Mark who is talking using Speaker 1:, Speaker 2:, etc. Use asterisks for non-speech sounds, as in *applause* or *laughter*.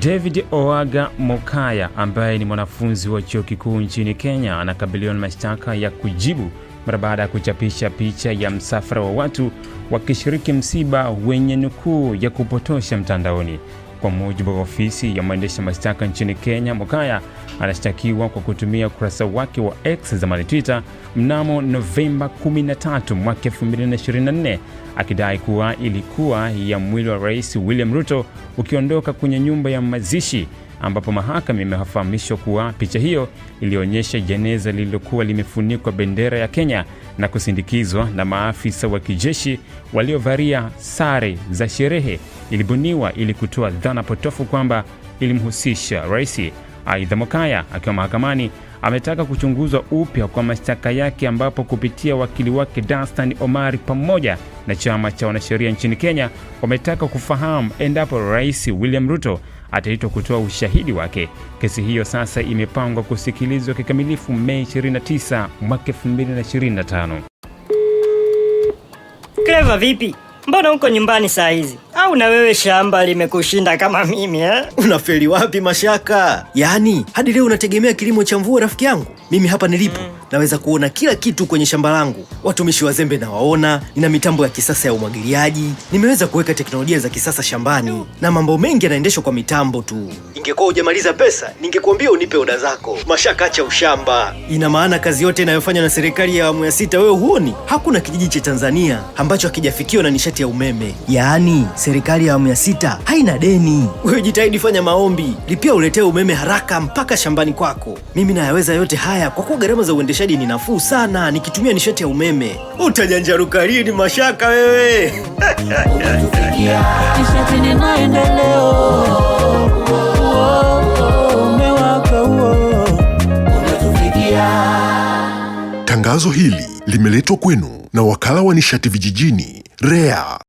Speaker 1: David Owaga Mokaya ambaye ni mwanafunzi wa chuo kikuu nchini Kenya anakabiliwa na mashtaka ya kujibu mara baada ya kuchapisha picha ya msafara wa watu wakishiriki msiba wenye nukuu ya kupotosha mtandaoni. Kwa mujibu wa ofisi ya mwendesha mashtaka nchini Kenya, Mokaya anashtakiwa kwa kutumia ukurasa wake wa X zamani Twitter mnamo Novemba 13 mwaka 2024 akidai kuwa ilikuwa ya mwili wa Rais William Ruto ukiondoka kwenye nyumba ya mazishi ambapo mahakama imefahamishwa kuwa picha hiyo ilionyesha jeneza lililokuwa limefunikwa bendera ya Kenya na kusindikizwa na maafisa wa kijeshi waliovalia sare za sherehe, ilibuniwa ili kutoa dhana potofu kwamba ilimhusisha rais. Aidha, Mokaya akiwa mahakamani ametaka kuchunguzwa upya kwa mashtaka yake, ambapo kupitia wakili wake Dastan Omari pamoja na chama cha wanasheria nchini Kenya wametaka kufahamu endapo Rais William Ruto ataitwa kutoa ushahidi wake. Kesi hiyo sasa imepangwa kusikilizwa kikamilifu Mei 29 mwaka 2025.
Speaker 2: kreva vipi? Mbona uko nyumbani saa hizi? Au na wewe shamba limekushinda kama mimi eh?
Speaker 3: Unafeli wapi Mashaka? Yaani hadi leo unategemea kilimo cha mvua, rafiki yangu? Mimi hapa nilipo mm naweza kuona kila kitu kwenye shamba langu. Watumishi wazembe nawaona, nina mitambo ya kisasa ya umwagiliaji, nimeweza kuweka teknolojia za kisasa shambani na mambo mengi yanaendeshwa kwa mitambo tu. Ingekuwa hujamaliza pesa, ningekuambia unipe oda zako. Mashaka acha ushamba. Ina maana kazi yote inayofanywa na serikali ya awamu ya sita wewe huoni? Hakuna kijiji cha Tanzania ambacho hakijafikiwa na nishati ya umeme. Yaani serikali ya awamu ya sita haina deni. Wewe jitahidi, fanya maombi, lipia uletee umeme haraka mpaka shambani kwako. Mimi nayaweza yote haya kwa kuwa gharama za uendeshaji uzalishaji ni nafuu sana nikitumia nishati ya umeme. Utajanjaruka lini Mashaka wewe? *laughs* Tangazo hili limeletwa kwenu na wakala wa nishati vijijini REA.